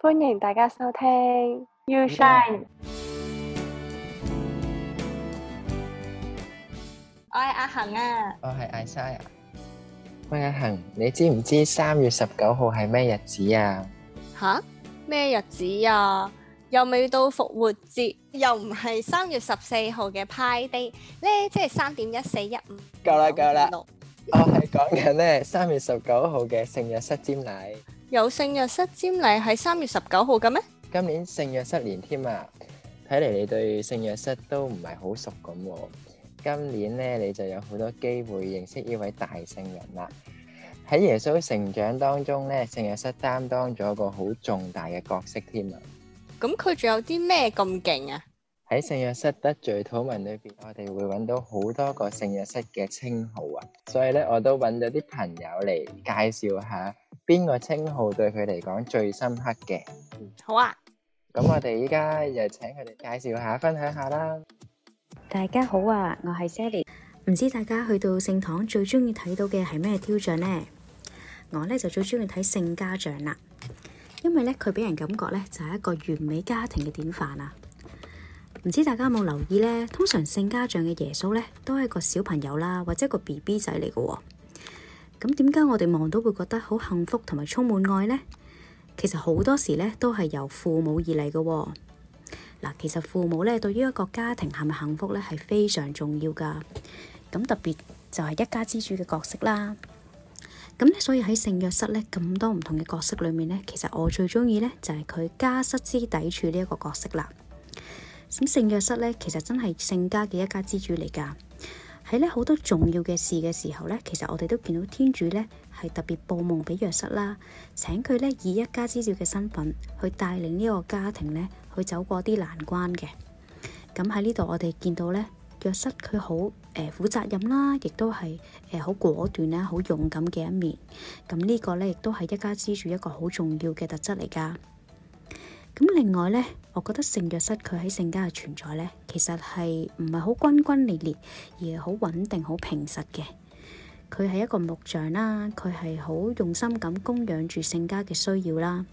歡迎大家收聽。You Shine。我係阿恒啊。我係 Isa。喂，阿恒，你知唔知三月十九號係咩日子啊？吓？咩日子啊？又未到復活節，又唔係三月十四號嘅 Pi Day 咧，即係三點一四一五。夠啦夠啦。我係講緊咧三月十九號嘅聖若瑟瞻禮。有聖約瑟瞻禮喺三月十九號嘅咩？今年聖約瑟年添啊！睇嚟你對聖約瑟都唔係好熟咁。今年咧，你就有好多機會認識呢位大聖人啦。喺耶穌成長當中咧，聖約瑟擔當咗個好重大嘅角色添啊！咁佢仲有啲咩咁勁啊？喺聖約瑟德敘禱文裏邊，我哋會揾到好多個聖約瑟嘅稱號啊！所以咧，我都揾咗啲朋友嚟介紹下。邊個稱號對佢嚟講最深刻嘅？好啊！咁我哋依家就請佢哋介紹下、分享下啦。大家好啊，我係 Sally。唔知大家去到聖堂最中意睇到嘅係咩雕像呢？我呢就最中意睇聖家像啦，因為呢，佢俾人感覺呢，就係、是、一個完美家庭嘅典範啊。唔知大家有冇留意呢？通常聖家像嘅耶穌呢，都係個小朋友啦，或者一個 B B 仔嚟嘅、哦。咁點解我哋望到會覺得好幸福同埋充滿愛呢？其實好多時咧都係由父母而嚟噶。嗱，其實父母咧對於一個家庭係咪幸福咧係非常重要噶。咁特別就係一家之主嘅角色啦。咁咧所以喺聖約瑟咧咁多唔同嘅角色裏面咧，其實我最中意咧就係佢家室之底柱呢一個角色啦。咁聖約瑟咧其實真係聖家嘅一家之主嚟噶。喺呢好多重要嘅事嘅時候呢，其實我哋都見到天主呢係特別報夢俾約瑟啦，請佢呢以一家之主嘅身份去帶領呢個家庭呢去走過啲難關嘅。咁喺呢度我哋見到呢約瑟佢好誒負責任啦，亦都係誒好果斷啦，好勇敢嘅一面。咁呢個呢亦都係一家之主一個好重要嘅特質嚟㗎。咁另外呢。我覺得聖約瑟佢喺聖家嘅存在呢，其實係唔係好轟轟烈烈，而係好穩定、好平實嘅。佢係一個木匠啦，佢係好用心咁供養住聖家嘅需要啦。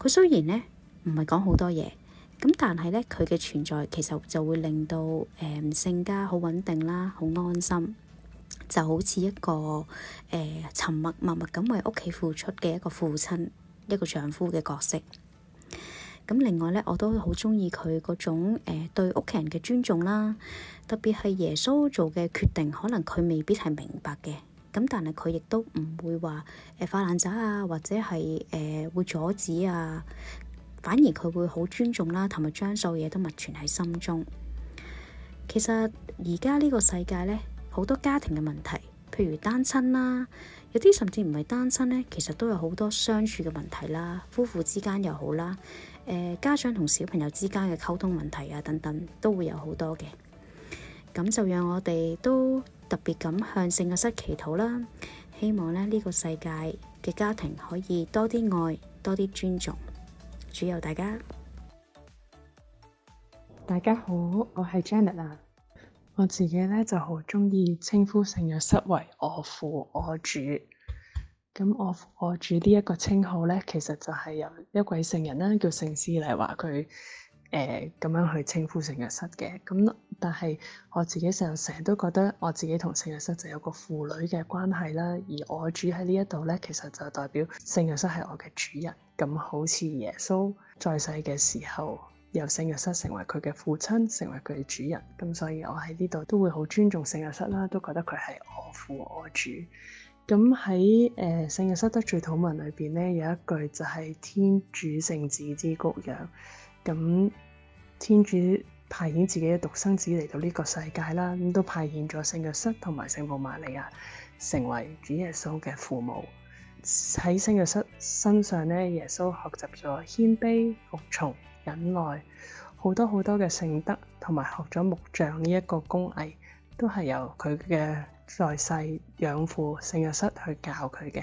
佢雖然呢，唔係講好多嘢，咁但係呢，佢嘅存在，其實就會令到誒呃、聖家好穩定啦，好安心。就好似一個誒、呃、沉默默默咁爲屋企付出嘅一個父親、一個丈夫嘅角色。咁另外咧，我都好中意佢嗰種誒、呃、對屋企人嘅尊重啦，特別係耶穌做嘅決定，可能佢未必係明白嘅，咁但係佢亦都唔會話誒發爛仔發爛渣啊，或者係誒、呃、會阻止啊，反而佢會好尊重啦，同埋將所有嘢都密存喺心中。其實而家呢個世界咧，好多家庭嘅問題，譬如單親啦。有啲甚至唔係單身咧，其實都有好多相處嘅問題啦，夫婦之間又好啦，誒、呃，家長同小朋友之間嘅溝通問題啊，等等都會有好多嘅。咁就讓我哋都特別咁向聖嘅室祈禱啦，希望咧呢、這個世界嘅家庭可以多啲愛，多啲尊重。主佑大家，大家好，我係 Janet 啦。我自己咧就好中意稱呼聖若瑟為我父我主，咁我父我主呢一個稱號咧，其實就係由一位聖人啦，叫聖斯嚟話佢，誒咁樣去稱呼聖若瑟嘅。咁但係我自己成日成日都覺得我自己同聖若瑟就有個父女嘅關係啦，而我主喺呢一度咧，其實就代表聖若瑟係我嘅主人，咁好似耶穌在世嘅時候。由聖若瑟成為佢嘅父親，成為佢嘅主人。咁所以我喺呢度都會好尊重聖若瑟啦，都覺得佢係我父我主。咁喺誒聖若瑟德敘禱文裏邊咧，有一句就係天主聖子之鞠養。咁天主派遣自己嘅獨生子嚟到呢個世界啦，咁都派遣咗聖若瑟同埋聖母瑪利亞成為主耶穌嘅父母。喺聖若瑟身上咧，耶穌學習咗謙卑服從，忍耐，好多好多嘅聖德，同埋學咗木匠呢一個工藝，都係由佢嘅在世養父聖約瑟去教佢嘅。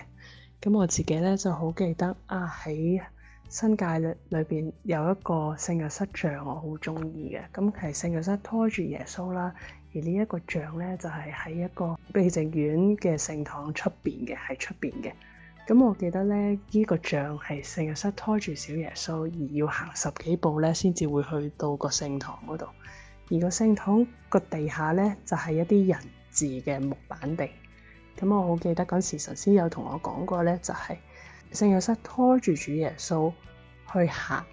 咁我自己咧就好記得啊，喺新界裏裏邊有一個聖約瑟像我，我好中意嘅。咁其實聖約瑟拖住耶穌啦，而呢一個像咧就係、是、喺一個避靜院嘅聖堂出邊嘅，喺出邊嘅。咁我記得呢，呢、這個像係聖約瑟拖住小耶穌，而要行十幾步咧，先至會去到個聖堂嗰度。而個聖堂個地下呢，就係、是、一啲人字嘅木板地。咁我好記得嗰時神師有同我講過呢，就係、是、聖約瑟拖住主耶穌去行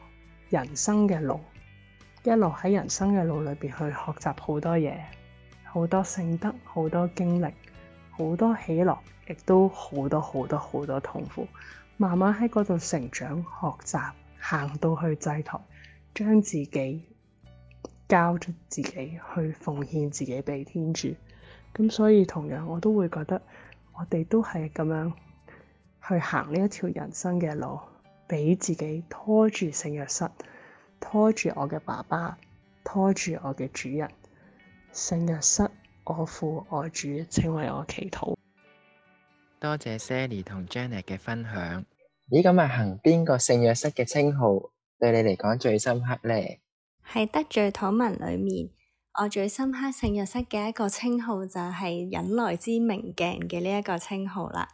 人生嘅路，一路喺人生嘅路裏邊去學習好多嘢，好多聖德，好多經歷。好多喜樂，亦都好多好多好多痛苦。慢慢喺嗰度成長、學習，行到去祭台，將自己交出自己去奉獻自己俾天主。咁所以同樣，我都會覺得我哋都係咁樣去行呢一條人生嘅路，俾自己拖住聖若瑟，拖住我嘅爸爸，拖住我嘅主人，聖若瑟。我父我主，請為我祈禱。多謝 Sally 同 Jenny 嘅分享。咦，咁啊，行邊個聖約瑟嘅稱號對你嚟講最深刻咧？係得罪土文裏面，我最深刻聖約瑟嘅一個稱號就係忍耐之明鏡嘅呢一個稱號啦。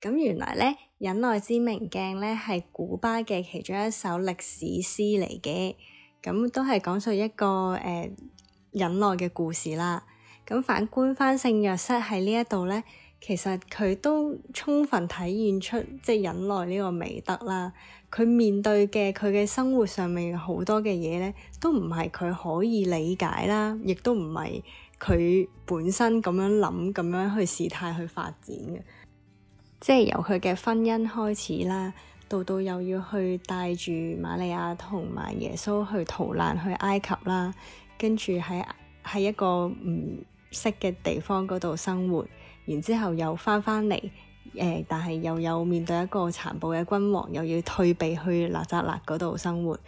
咁原來咧，忍耐之明鏡咧係古巴嘅其中一首歷史詩嚟嘅，咁都係講述一個誒忍耐嘅故事啦。咁反觀翻聖約瑟喺呢一度咧，其實佢都充分體現出即係忍耐呢個美德啦。佢面對嘅佢嘅生活上面好多嘅嘢咧，都唔係佢可以理解啦，亦都唔係佢本身咁樣諗咁樣去事態去發展嘅。即係由佢嘅婚姻開始啦，到到又要去帶住瑪利亞同埋耶穌去逃難去埃及啦，跟住喺喺一個唔～識嘅地方嗰度生活，然之後又翻返嚟，誒、呃，但係又有面對一個殘暴嘅君王，又要退避去拿撒勒嗰度生活。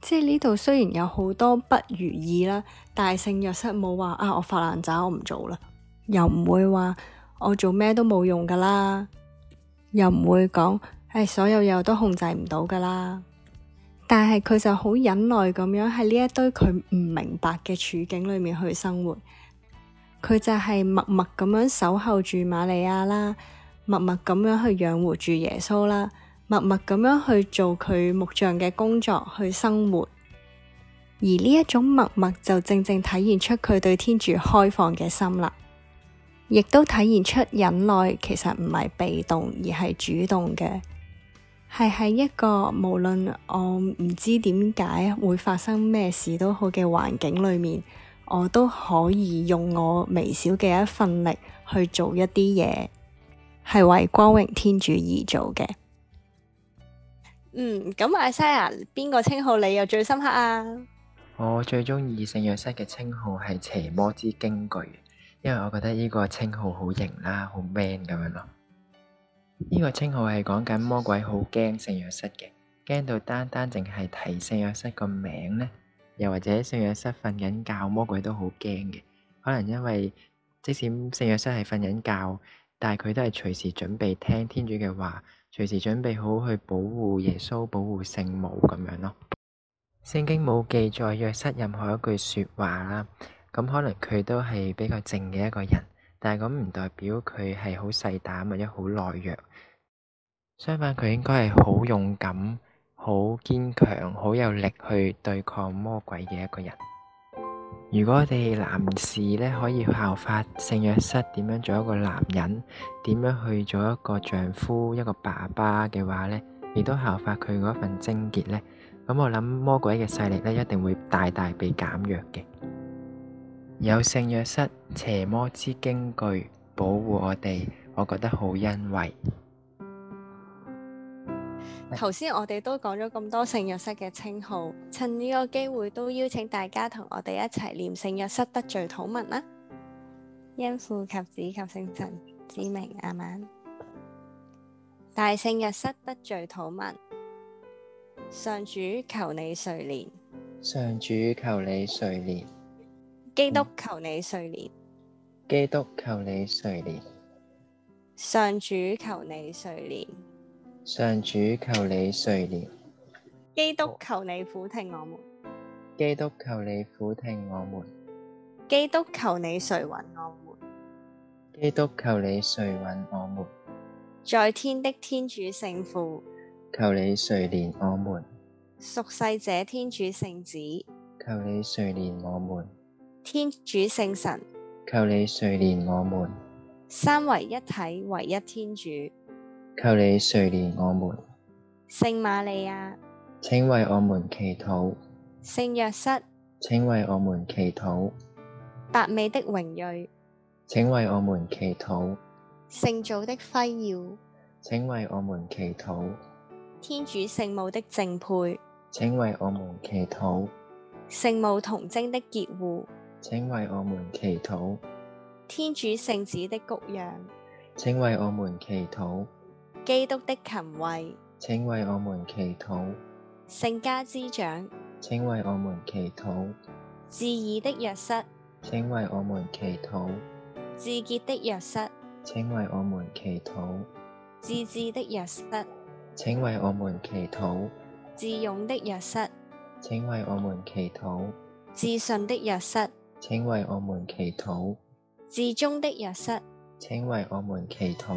即係呢度雖然有好多不如意啦，但係聖約瑟冇話啊，我發爛渣，我唔做啦，又唔會話我做咩都冇用噶啦，又唔會講誒、哎，所有嘢我都控制唔到噶啦。但係佢就好忍耐咁樣喺呢一堆佢唔明白嘅處境裏面去生活。佢就係默默咁樣守候住瑪利亞啦，默默咁樣去養活住耶穌啦，默默咁樣去做佢木匠嘅工作去生活，而呢一種默默就正正體現出佢對天主開放嘅心啦，亦都體現出忍耐其實唔係被動而係主動嘅，係喺一個無論我唔知點解會發生咩事都好嘅環境裏面。我都可以用我微小嘅一份力去做一啲嘢，係為光榮天主而做嘅。嗯，咁阿西啊，邊個稱號你又最深刻啊？我最中意聖約瑟嘅稱號係邪魔之驚懼，因為我覺得呢個稱號好型啦，好 man 咁樣咯。呢個稱號係講緊魔鬼好驚聖約瑟嘅，驚到單單淨係提聖約瑟個名呢，又或者聖約瑟瞓緊覺，魔鬼都好驚嘅。可能因為即使聖約瑟係瞓緊覺，但係佢都係隨時準備聽天主嘅話，隨時準備好去保護耶穌、保護聖母咁樣咯。聖經冇記載約瑟任何一句說話啦。咁可能佢都係比較靜嘅一個人，但係咁唔代表佢係好細膽或者好懦弱。相反，佢應該係好勇敢。好堅強、好有力去對抗魔鬼嘅一個人。如果我哋男士呢，可以效法聖約瑟，點樣做一個男人，點樣去做一個丈夫、一個爸爸嘅話呢，亦都效法佢嗰份貞潔呢，咁我諗魔鬼嘅勢力呢，一定會大大被減弱嘅。有聖約瑟邪魔之驚懼保護我哋，我覺得好欣慰。頭先我哋都講咗咁多聖若瑟嘅稱號，趁呢個機會都邀請大家同我哋一齊念聖若瑟德敘禱文啦。因父及子及聖神之名阿們。大聖若瑟德敘禱文，上主求你垂憐，上主求你垂憐，基督求你垂憐，基督求你垂憐，上主求你垂憐。上主求你垂憐，基督求你俯聽我們，基督求你俯聽我們，基督求你垂允我們，基督求你垂允我們，在天的天主聖父，求你垂憐我們，贖世者天主聖子，求你垂憐我們，天主聖神，求你垂憐我們，我們三位一體，唯一天主。求你垂憐我們，聖瑪利亞，請為我們祈禱。聖若瑟，請為我們祈禱。白美的榮譽，請為我們祈禱。聖祖的輝耀，請為我們祈禱。天主聖母的敬佩，請為我們祈禱。聖母童貞的潔護，請為我們祈禱。天主聖子的谷養，請為我們祈祈禱。基督的勤惠，請為我們祈禱。聖家之長，請為我們祈禱。至義的若瑟，請為我們祈禱。至潔的若瑟，請為我們祈禱。至智的若瑟，請為我們祈禱。至勇的若瑟，請為我們祈禱。至信的若瑟，請為我們祈禱。至忠的若瑟，請為我們祈禱。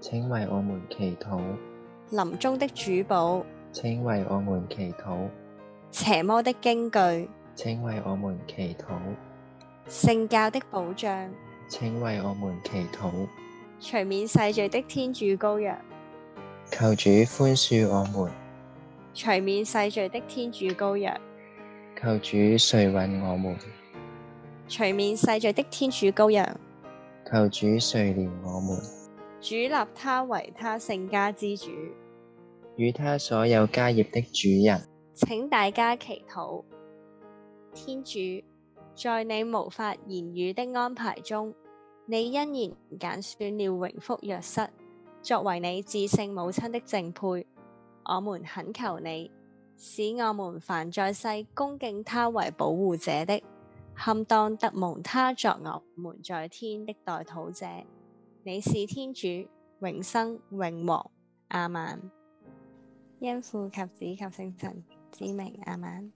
請為我們祈禱。臨終的主保，請為我們祈禱。邪魔的驚懼，請為我們祈禱。聖教的保障，請為我們祈禱。除免世罪的天主羔羊，求主寬恕我們。除免世罪的天主羔羊，求主垂允我們。除免世罪的天主羔羊，求主垂憐我們。主立他為他聖家之主，與他所有家業的主人，請大家祈禱。天主，在你無法言語的安排中，你欣然揀選了榮福若瑟，作為你至聖母親的正配。我們懇求你，使我們凡在世恭敬他為保護者的，堪當得蒙他作我們在天的代禱者。你是天主，永生永活，阿們，因父及子及聖神之名，阿們。